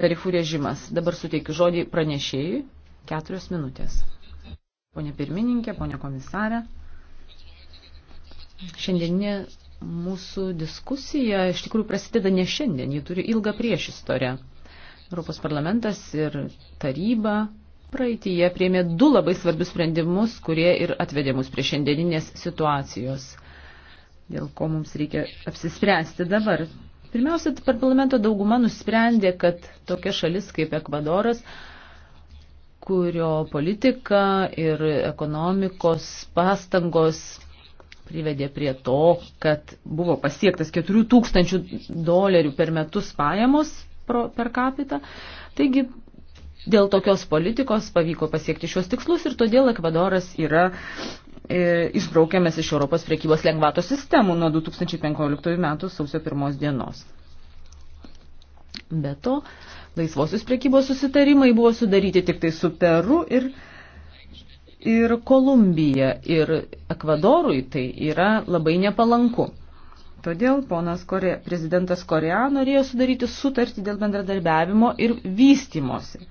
tarifų režimas. Dabar suteikiu žodį pranešėjui. Keturios minutės. Pone pirmininkė, pone komisarė. Šiandieninė mūsų diskusija iš tikrųjų prasideda ne šiandien, ji turi ilgą priešistorę. Europos parlamentas ir taryba praeitįje priėmė du labai svarbius sprendimus, kurie ir atvedė mus prie šiandieninės situacijos, dėl ko mums reikia apsispręsti dabar. Pirmiausia, parlamento dauguma nusprendė, kad tokia šalis kaip Ekvadoras, kurio politika ir ekonomikos pastangos privedė prie to, kad buvo pasiektas 4000 dolerių per metus pajamos per capita. Taigi dėl tokios politikos pavyko pasiekti šios tikslus ir todėl Ekvadoras yra E, išbraukėmės iš Europos priekybos lengvatos sistemų nuo 2015 metų sausio pirmos dienos. Be to, laisvosios priekybos susitarimai buvo sudaryti tik tai su Peru ir, ir Kolumbija ir Ekvadorui tai yra labai nepalanku. Todėl ponas Kore, prezidentas Korea norėjo sudaryti sutartį dėl bendradarbiavimo ir vystimosi.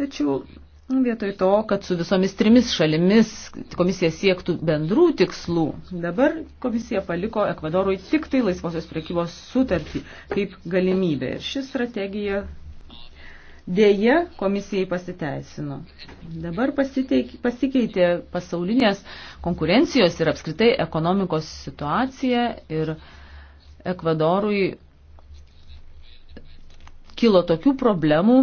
Tačiau Nu, vietoj to, kad su visomis trimis šalimis komisija siektų bendrų tikslų, dabar komisija paliko Ekvadorui tik tai laisvosios priekybos sutartį kaip galimybę. Ir ši strategija dėje komisijai pasiteisino. Dabar pasiteik, pasikeitė pasaulinės konkurencijos ir apskritai ekonomikos situacija ir Ekvadorui kilo tokių problemų,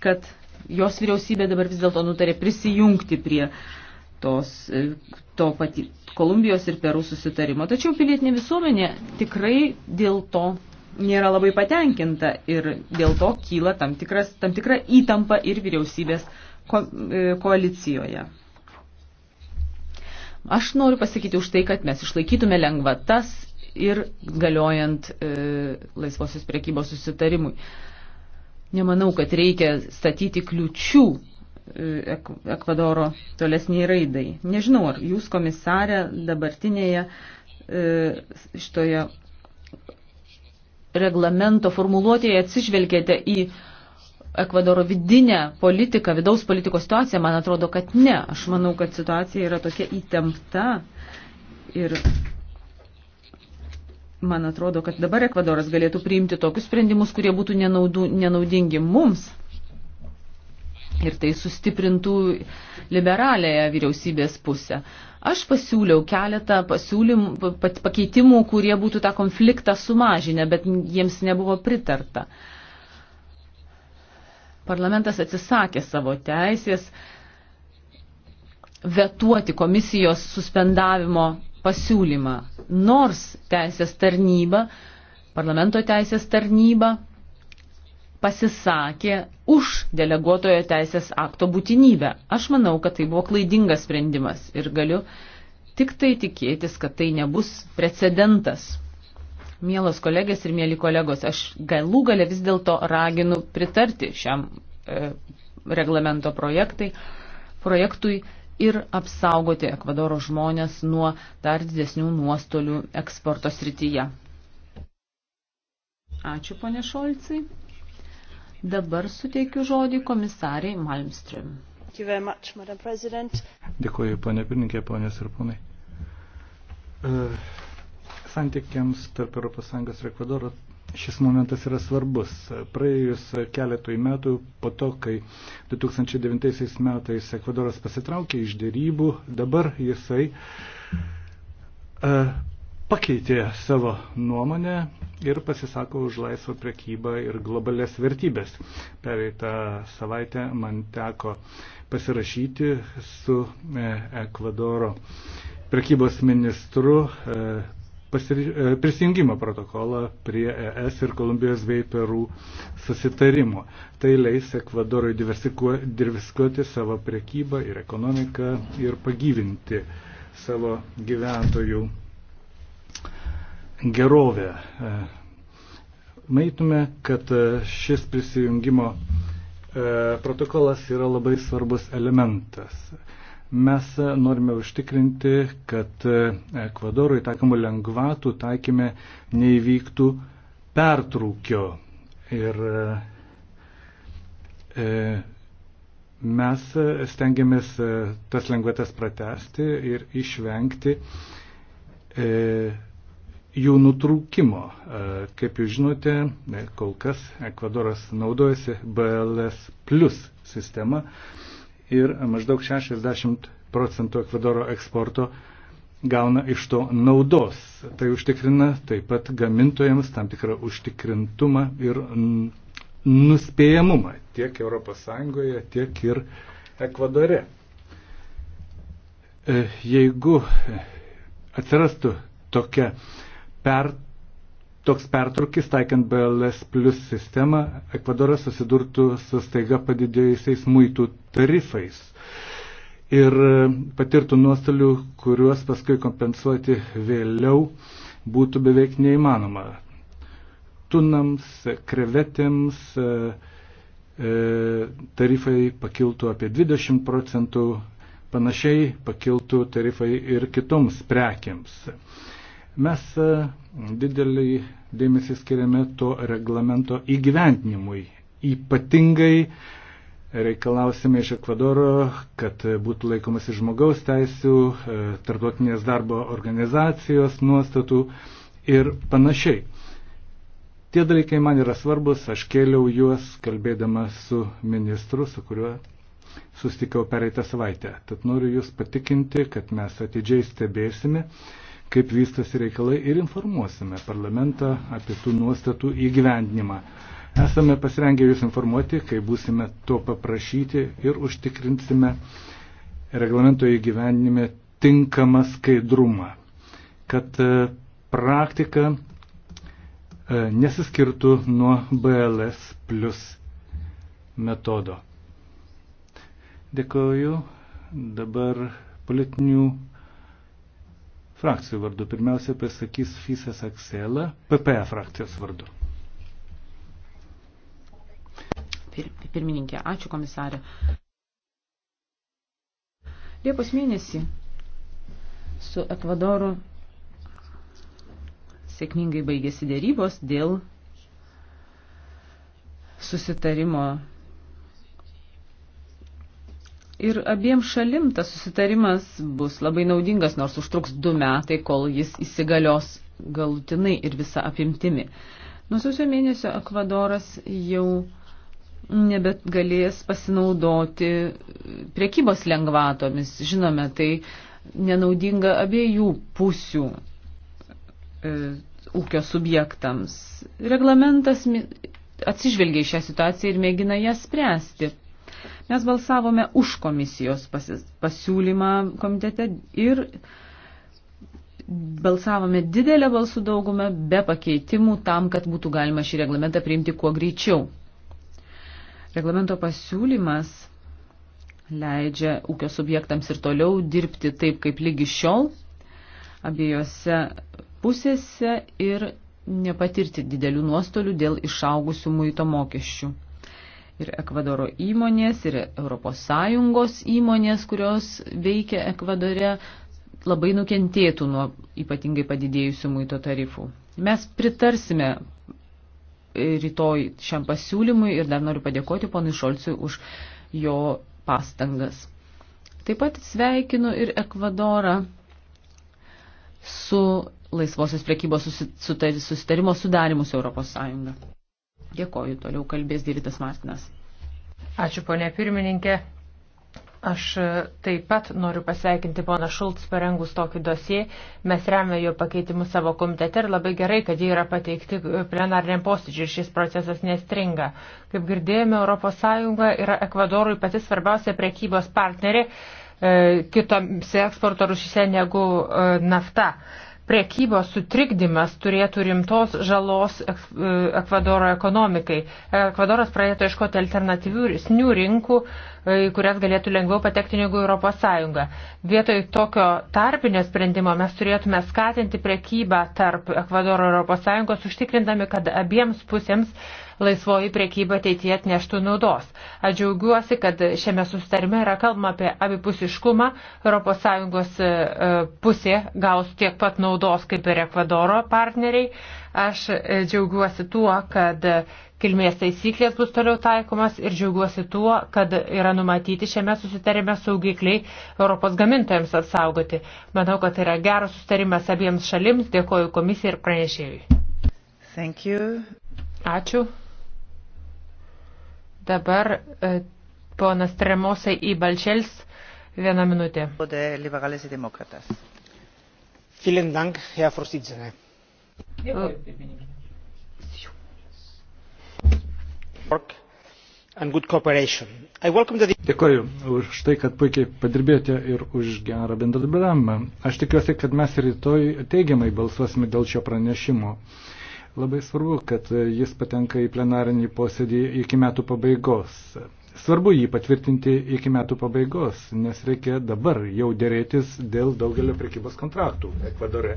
kad jos vyriausybė dabar vis dėlto nutarė prisijungti prie tos, e, to pati Kolumbijos ir Perų susitarimo. Tačiau pilietinė visuomenė tikrai dėl to nėra labai patenkinta ir dėl to kyla tam, tikras, tam tikra įtampa ir vyriausybės ko, e, koalicijoje. Aš noriu pasakyti už tai, kad mes išlaikytume lengvatas ir galiojant e, laisvosios priekybos susitarimui. E, Nemanau, kad reikia statyti kliučių e, Ekvadoro tolesniai raidai. Nežinau, ar jūs komisarė dabartinėje e, šitoje reglamento formuluotėje atsižvelgėte į Ekvadoro vidinę politiką, vidaus politikos situaciją, man atrodo, kad ne. Aš manau, kad situacija yra tokia įtempta ir man atrodo, kad dabar Ekvadoras galėtų priimti tokius sprendimus, kurie būtų nenaudu, nenaudingi mums. Ir tai sustiprintų liberalėje vyriausybės pusę. Aš pasiūliau keletą pasiūlymų, pakeitimų, kurie būtų tą konfliktą sumažinę, bet jiems nebuvo pritarta. Parlamentas atsisakė savo teisės vetuoti komisijos suspendavimo pasiūlymą, nors teisės tarnyba, parlamento teisės tarnyba pasisakė už deleguotojo teisės akto būtinybę. Aš manau, kad tai buvo klaidingas sprendimas ir galiu tik tai tikėtis, kad tai nebus precedentas. Mielos kolegės ir mėly kolegos, aš galų gale vis dėlto raginu pritarti šiam e, reglamento projektai, projektui ir apsaugoti Ekvadoro žmonės nuo dar didesnių nuostolių eksporto srityje. Ačiū, ponė Šolcai. Dabar suteikiu žodį komisariai Malmström. Dėkuoju, ponė pirmininkė, ponės ir ponai. Uh, santykiams tarp ES ir Ekvadoro šis momentas yra svarbus. Praėjus keletui metų po to, kai 2009 metais Ekvadoras pasitraukė iš dėrybų, dabar jisai uh, pakeitė savo nuomonę ir pasisako už laisvą prekybą ir globalias vertybės. Pereitą savaitę man teko pasirašyti su e, Ekvadoro prekybos ministru e, E, prisijungimo protokolą prie ES ir Kolumbijos bei Perų susitarimo. Tai leis Ekvadorui diversifikuoti savo priekybą ir ekonomiką ir pagyvinti savo gyventojų gerovę. E, Maitume, kad e, šis prisijungimo protokolas yra labai svarbus elementas. Mes e, norime užtikrinti, kad e, Ekvadorui taikomų lengvatų taikymė neįvyktų pertrūkio. Ir e, e mes stengiamės tas lengvatas pratesti ir išvengti e, jų nutrūkimo. E, kaip jūs žinote, kol kas Ekvadoras naudojasi BLS plus sistema. E, ir maždaug 60 procentų Ekvadoro eksporto gauna iš to naudos. Tai užtikrina taip pat gamintojams tam tikrą užtikrintumą ir nuspėjamumą tiek ES, tiek ir Ekvadore. E, jeigu atsirastų tokia per toks pertrukis, taikant BLS plus sistemą, Ekvadoras susidurtų su staiga padidėjusiais muitų tarifais ir patirtų nuostolių, kuriuos paskui kompensuoti vėliau būtų beveik neįmanoma. Tunams, krevetėms e, e, tarifai pakiltų apie 20 procentų, panašiai pakiltų tarifai ir kitoms prekiams. Mes e, didelį dėmesį skiriame to reglamento įgyventinimui. Ypatingai reikalausime iš Ekvadoro, kad būtų laikomasi žmogaus teisų, e, tarptautinės darbo organizacijos nuostatų ir panašiai. Tie dalykai man yra svarbus, aš kėliau juos kalbėdama su ministru, su kuriuo sustikau pereitą savaitę. Tad noriu Jūs patikinti, kad mes atidžiai stebėsime kaip vystosi reikalai ir informuosime parlamentą apie tų nuostatų įgyvendinimą. Esame pasirengę Jūs informuoti, kai būsime to paprašyti ir užtikrinsime reglamento įgyvendinime tinkamą skaidrumą, kad e, praktika e, nesiskirtų nuo BLS plus metodo. Dėkoju. Dabar politinių frakcijų vardu. Pirmiausia, pasakys Fisas Aksela, PPE frakcijos vardu. Pir, pirmininkė, ačiū komisarė. Liepos mėnesį su Ekvadoru sėkmingai baigėsi dėrybos dėl susitarimo Ir abiem šalim tas susitarimas bus labai naudingas, nors užtruks du metai, kol jis įsigalios galutinai ir visą apimtimi. Nuo sausio mėnesio Ekvadoras jau nebet galės pasinaudoti priekybos lengvatomis. Žinome, tai nenaudinga abiejų pusių e, ūkio subjektams. Reglamentas atsižvelgia į šią situaciją ir mėgina ją spręsti Mes balsavome už komisijos pasiūlymą komitete ir balsavome didelę balsų daugumą be pakeitimų tam, kad būtų galima šį reglamentą priimti kuo greičiau. Reglamento pasiūlymas leidžia ūkio subjektams ir toliau dirbti taip, kaip lygi šiol, abiejose pusėse ir nepatirti didelių nuostolių dėl išaugusių muito mokesčių ir Ekvadoro įmonės, ir ES įmonės, kurios veikia Ekvadore, labai nukentėtų nuo ypatingai padidėjusių muito tarifų. Mes pritarsime e, rytoj šiam pasiūlymui ir dar noriu padėkoti ponui Šolciui už jo pastangas. Taip pat sveikinu ir Ekvadorą su laisvosios priekybos susitarimo sudarimu su Europos Sąjunga. Dėkoju, toliau kalbės Davidas Martinas. Ačiū, ponė pirmininkė. Aš taip pat noriu pasveikinti poną Šulc parengus tokį dosiją. Mes remia jo pakeitimus savo komitete ir labai gerai, kad jie yra pateikti plenariniam posėdžiui ir šis procesas nestringa. Kaip girdėjome, ES yra Ekvadorui pati svarbiausia prekybos partnerė e, kitomse eksporto rušyse negu e, nafta. Prekybos sutrikdymas turėtų rimtos žalos Ekvadoro ekonomikai. Ekvadoras pradėtų ieškoti alternatyvių rinkų į kurias galėtų lengviau patekti negu Europos Sąjunga. Vietoj tokio tarpinio sprendimo mes turėtume skatinti prekybą tarp Ekvadoro ir Europos Sąjungos, užtikrindami, kad abiems pusėms laisvoji priekyba ateityje atneštų naudos. Aš džiaugiuosi, kad šiame sustarime yra kalbama apie abipusiškumą. ES e, pusė gaus tiek pat naudos kaip ir Ekvadoro partneriai. Aš e, džiaugiuosi tuo, kad e, kilmės taisyklės bus toliau taikomas ir džiaugiuosi tuo, kad yra numatyti šiame susitarime saugikliai Europos gamintojams apsaugoti. Manau, kad tai yra geras susitarimas abiems šalims. Dėkoju komisijai ir pranešėjui. Thank you. Ačiū. Dabar e, ponas Tremosai į Balčels vieną minutę. Dank, Herr Vorsitzender. Dėkuoju, uh, pirmininkė. Dėkoju už tai, kad puikiai padirbėjote ir už gerą bendradarbiavimą. Aš tikiuosi, kad mes rytoj teigiamai balsuosime dėl šio pranešimo. Labai svarbu, kad jis patenka į plenarinį posėdį iki metų pabaigos. Svarbu jį patvirtinti iki metų pabaigos, nes reikia dabar jau dėrėtis dėl daugelio prekybos kontraktų Ekvadore.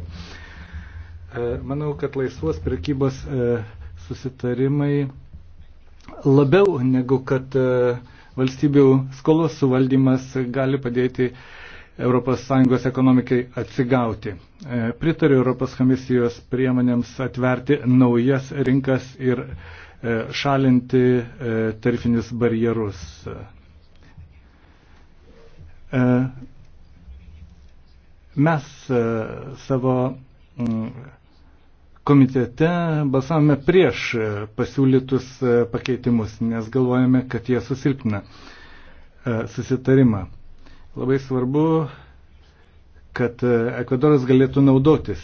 E, manau, kad laisvos prekybos e, susitarimai labiau negu kad e, valstybių skolos suvaldymas gali padėti ES ekonomikai atsigauti. Pritariu Europos komisijos priemonėms atverti naujas rinkas ir šalinti tarifinius barjerus. Mes savo mm, komitete balsavome prieš e, pasiūlytus e, pakeitimus, nes galvojame, kad jie susilpna e, susitarimą. Labai svarbu, kad Ekvadoras galėtų naudotis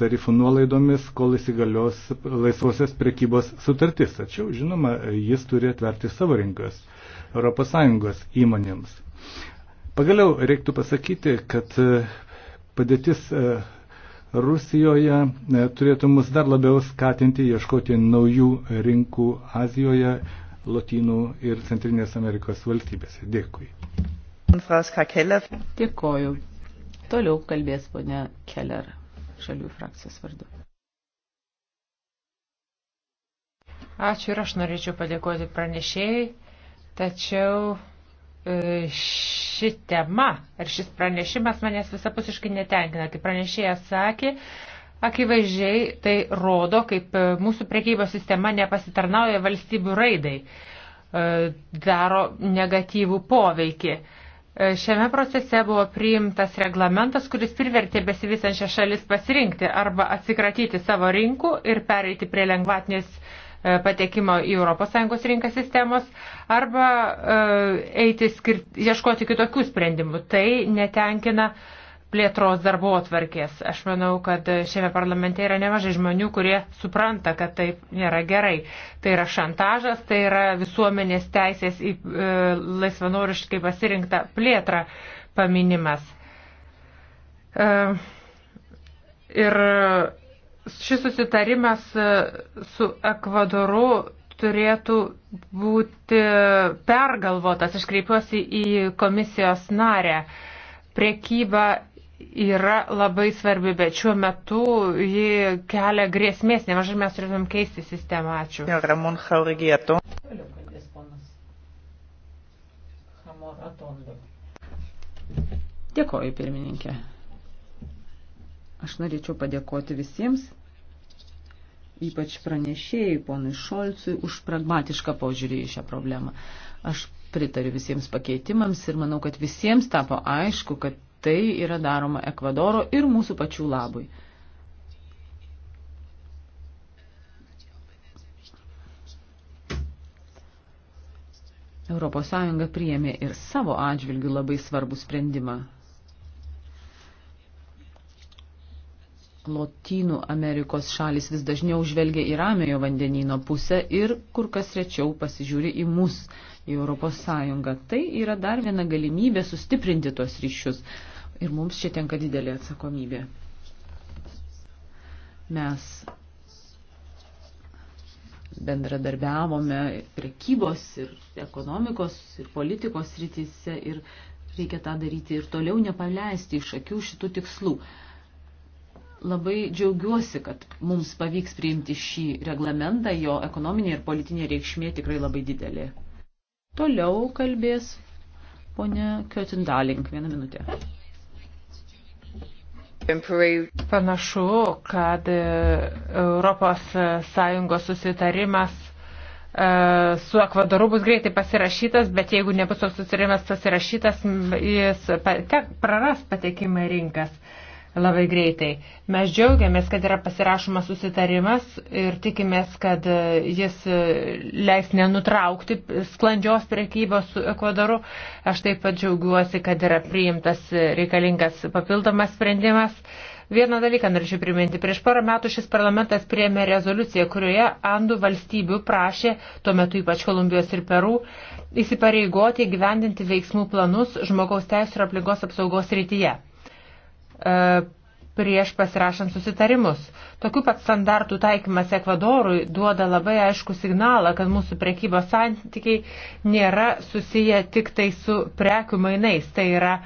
tarifų nuolaidomis, kol įsigalios laisvosios prekybos sutartis. Tačiau, žinoma, jis turi atverti savo rinkas ES įmonėms. Pagaliau reiktų pasakyti, kad padėtis Rusijoje e, turėtų mus dar labiau skatinti ieškoti naujų rinkų Azijoje, Lotynų ir Centrinės Amerikos valstybėse. Dėkui. Dėkoju. Toliau kalbės ponia Keller šalių frakcijos vardu. Ačiū ir aš norėčiau padėkoti pranešėjai, tačiau E, ši tema ar šis pranešimas manęs visapusiškai netenkina. Kaip pranešėjas sakė, akivaizdžiai tai rodo, kaip e, mūsų prekybos sistema nepasitarnauja valstybių raidai, e, daro negatyvų poveikį. Šiame procese buvo priimtas reglamentas, kuris privertė besivysančią šalis pasirinkti arba atsikratyti savo rinkų ir pereiti prie lengvatinės E, patekimo į ES rinką sistemos arba e, eiti skirt, ieškoti kitokių sprendimų. Tai netenkina plėtros darbo atvarkės. Aš manau, kad šiame parlamente yra nemažai žmonių, kurie supranta, kad taip nėra gerai. Tai yra šantažas, tai yra visuomenės teisės į e, laisvanoriškai pasirinktą plėtrą paminimas. E, ir šis susitarimas e, su Ekvadoru turėtų būti pergalvotas. Aš kreipiuosi į komisijos narę. Prekyba yra labai svarbi, bet šiuo metu ji kelia grėsmės. Nemažai mes turėtum keisti sistemą. Ačiū. Ramon Haurigieto. Dėkoju, pirmininkė. Aš norėčiau padėkoti visiems, ypač pranešėjai, ponui Šolcui, už pragmatišką požiūrį į šią problemą. Aš pritariu visiems pakeitimams ir manau, kad visiems tapo aišku, kad tai yra daroma Ekvadoro ir mūsų pačių labui. ES priėmė ir savo atžvilgių labai svarbų sprendimą Lotynų Amerikos šalis vis dažniau žvelgia į ramiojo vandenino pusę ir kur kas rečiau pasižiūri į mus, į Europos Sąjungą. Tai yra dar viena galimybė sustiprinti tuos ryšius. Ir mums čia tenka didelė atsakomybė. Mes bendradarbiavome prekybos ir ekonomikos ir politikos rytise ir reikia tą daryti ir toliau nepaleisti iš akių šitų tikslų. Labai džiaugiuosi, kad mums pavyks priimti šį reglamentą, jo ekonominė ir politinė reikšmė tikrai labai didelė. Toliau kalbės ponė Kiotindaling. Vieną minutę. Panašu, kad ES susitarimas e, su Ekvadoru bus greitai pasirašytas, bet jeigu nebus toks susitarimas pasirašytas, jis praras patekimą rinkas labai greitai. Mes džiaugiamės, kad yra pasirašomas susitarimas ir tikimės, kad e, jis e, leis nenutraukti sklandžios prekybos su Ekvadoru. Aš taip pat džiaugiuosi, kad yra priimtas reikalingas papildomas sprendimas. Vieną dalyką norėčiau priminti. Prieš porą metų šis parlamentas priėmė rezoliuciją, kurioje Andų valstybių prašė, tuo metu ypač Kolumbijos ir Perų, įsipareigoti gyvendinti veiksmų planus žmogaus teisų ir aplinkos apsaugos rytyje. E, prieš pasirašant susitarimus. Tokių pat standartų taikymas Ekvadorui duoda labai aišku signalą, kad mūsų prekybos santykiai nėra susiję tik tai su prekių mainais. Tai yra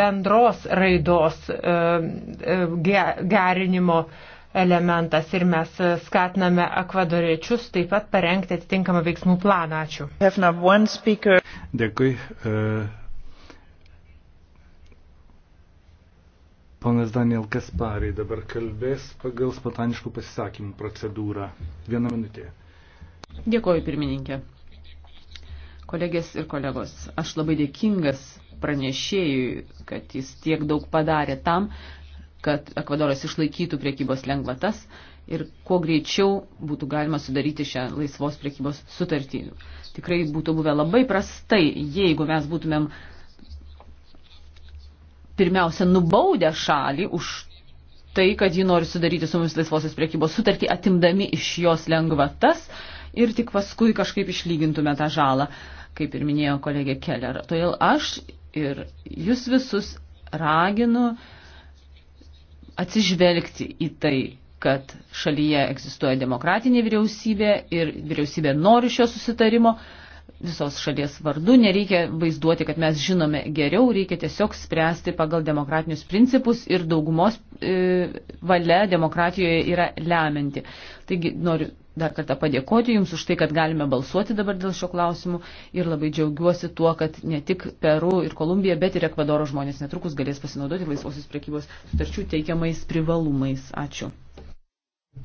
bendros raidos e, e, gerinimo elementas ir mes skatiname akvadoriečius taip pat parengti atitinkamą veiksmų planą. Ačiū. Dėkui. Ponas Daniel Kasparį dabar kalbės pagal spontaniškų pasisakymų procedūrą. Vieną minutę. Dėkoju, pirmininkė. Kolegės ir kolegos, aš labai dėkingas pranešėjui, kad jis tiek daug padarė tam, kad Ekvadoras išlaikytų priekybos lengvatas ir kuo greičiau būtų galima sudaryti šią laisvos priekybos sutartį. Tikrai būtų buvę labai prastai, jeigu mes būtumėm pirmiausia nubaudę šalį už tai, kad ji nori sudaryti su mumis laisvosios priekybos sutartį, atimdami iš jos lengvatas ir tik paskui kažkaip išlygintume tą žalą, kaip ir minėjo kolegė Keller. Todėl aš ir jūs visus raginu atsižvelgti į tai, kad šalyje egzistuoja demokratinė vyriausybė ir vyriausybė nori šio susitarimo, visos šalies vardu, nereikia vaizduoti, kad mes žinome geriau, reikia tiesiog spręsti pagal demokratinius principus ir daugumos e, valia demokratijoje yra lemianti. Taigi noriu dar kartą padėkoti Jums už tai, kad galime balsuoti dabar dėl šio klausimų ir labai džiaugiuosi tuo, kad ne tik Peru ir Kolumbija, bet ir Ekvadoro žmonės netrukus galės pasinaudoti laisvosios priekybos sutarčių teikiamais privalumais. Ačiū.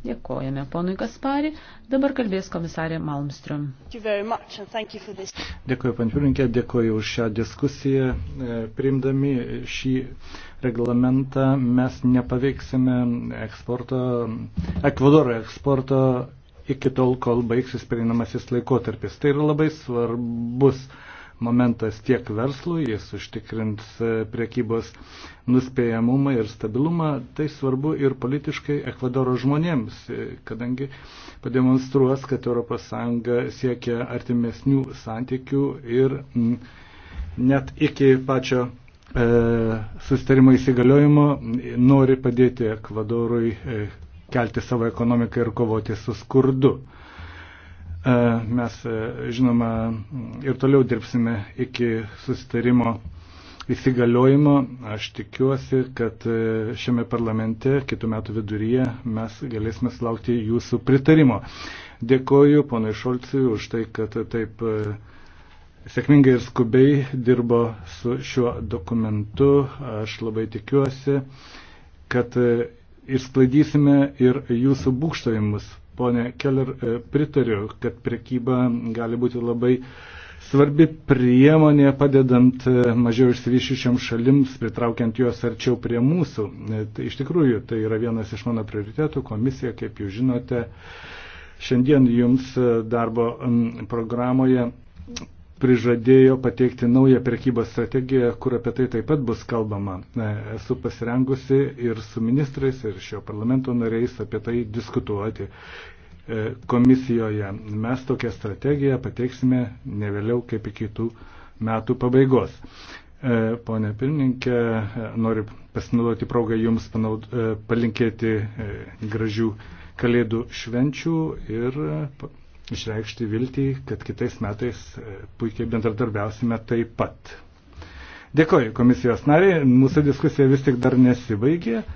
Dėkojame ponui Kaspari. Dabar kalbės komisarė Malmström. Dėkoju, panpirinkė, dėkoju už šią diskusiją. E, priimdami šį reglamentą mes nepaveiksime eksporto, Ekvadoro eksporto iki tol, kol baigsis pereinamasis laikotarpis. Tai yra labai svarbus momentas tiek verslui, jis užtikrins e, priekybos nuspėjamumą ir stabilumą. Tai svarbu ir politiškai Ekvadoro žmonėms, e, kadangi pademonstruos, kad ES siekia artimesnių santykių ir m, net iki pačio e, sustarimo įsigaliojimo nori padėti Ekvadorui e, kelti savo ekonomiką ir kovoti su skurdu. E, mes, e, žinoma, ir toliau dirbsime iki susitarimo įsigaliojimo. Aš tikiuosi, kad e, šiame parlamente kitų metų viduryje mes galėsime sulaukti jūsų pritarimo. Dėkoju ponai Šolcijui už tai, kad taip sėkmingai ir skubiai dirbo su šiuo dokumentu. Aš labai tikiuosi, kad išsklaidysime ir jūsų būkštojimus Pone Keller, e, pritariu, kad prekyba gali būti labai svarbi priemonė padedant e, mažiau išsivyščiušiam šalims, pritraukiant juos arčiau prie mūsų. E, tai iš tikrųjų, tai yra vienas iš mano prioritetų. Komisija, kaip jūs žinote, šiandien jums darbo programoje prižadėjo pateikti naują prekybos strategiją, kur apie tai taip pat bus kalbama. Esu pasirengusi ir su ministrais, ir šio parlamento nariais apie tai diskutuoti. E, komisijoje mes tokią strategiją pateiksime ne vėliau kaip iki kitų metų pabaigos. E, pone pirmininkė, e, noriu pasinaudoti progą Jums panaud, palinkėti gražių kalėdų švenčių ir išreikšti viltį, kad kitais metais e, puikiai bendradarbiausime taip pat. Dėkoju komisijos nariai, mūsų diskusija vis tik dar nesibaigė. E,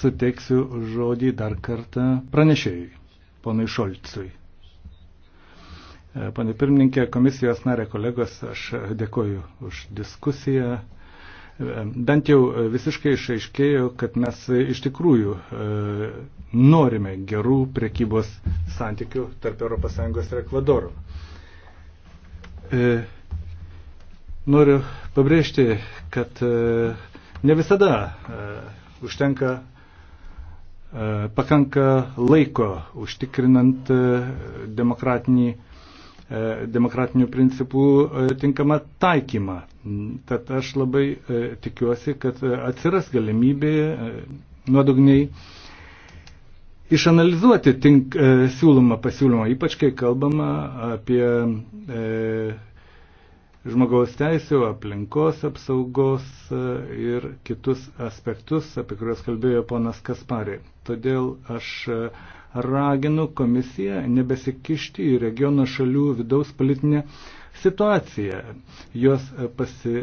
suteiksiu žodį dar kartą pranešėjui, ponui Šolcui. E, Pane pirmininkė, komisijos narė kolegos, aš dėkoju už diskusiją. Bent jau e, visiškai išaiškėjo, kad mes e, iš tikrųjų e, norime gerų prekybos santykių tarp ES ir Ekvadoro. Noriu pabrėžti, kad ne visada užtenka pakanka laiko užtikrinant demokratinį E, demokratinių principų e, tinkamą taikymą. Tad aš labai e, tikiuosi, kad atsiras galimybė nuodugniai išanalizuoti tink, siūlomą pasiūlymą, ypač kai kalbama apie e, žmogaus teisų, aplinkos apsaugos ir kitus aspektus, apie kuriuos kalbėjo ponas Kasparė. Todėl aš raginu komisiją nebesikišti į regiono šalių vidaus politinę situaciją. Jos e, pasi,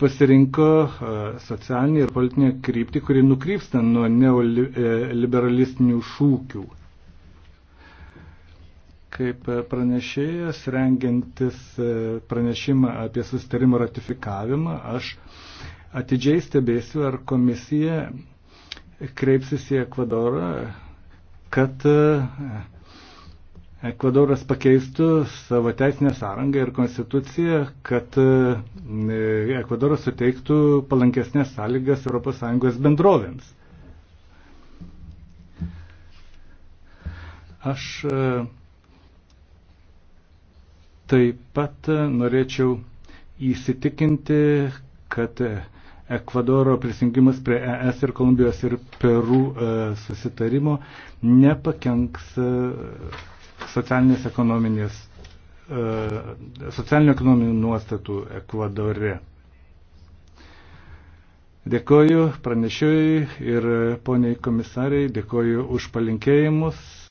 pasirinko e, socialinį ir politinę kryptį, kuri nukrypsta nuo neoliberalistinių e, šūkių. Kaip pranešėjas, rengiantis pranešimą apie sustarimo ratifikavimą, aš atidžiai stebėsiu, ar komisija kreipsis į Ekvadorą, kad e, Ekvadoras pakeistų savo teisinę sąrangą ir konstituciją, kad e, Ekvadoras suteiktų palankesnės sąlygas ES bendrovėms. Aš e, taip pat norėčiau įsitikinti, kad Ekvadoro prisijungimas prie ES ir Kolumbijos ir Perų e, susitarimo nepakenks e, socialinės ekonominės e, socialinių ekonominių nuostatų Ekvadore. Dėkoju pranešiojai ir poniai komisariai, dėkoju už palinkėjimus.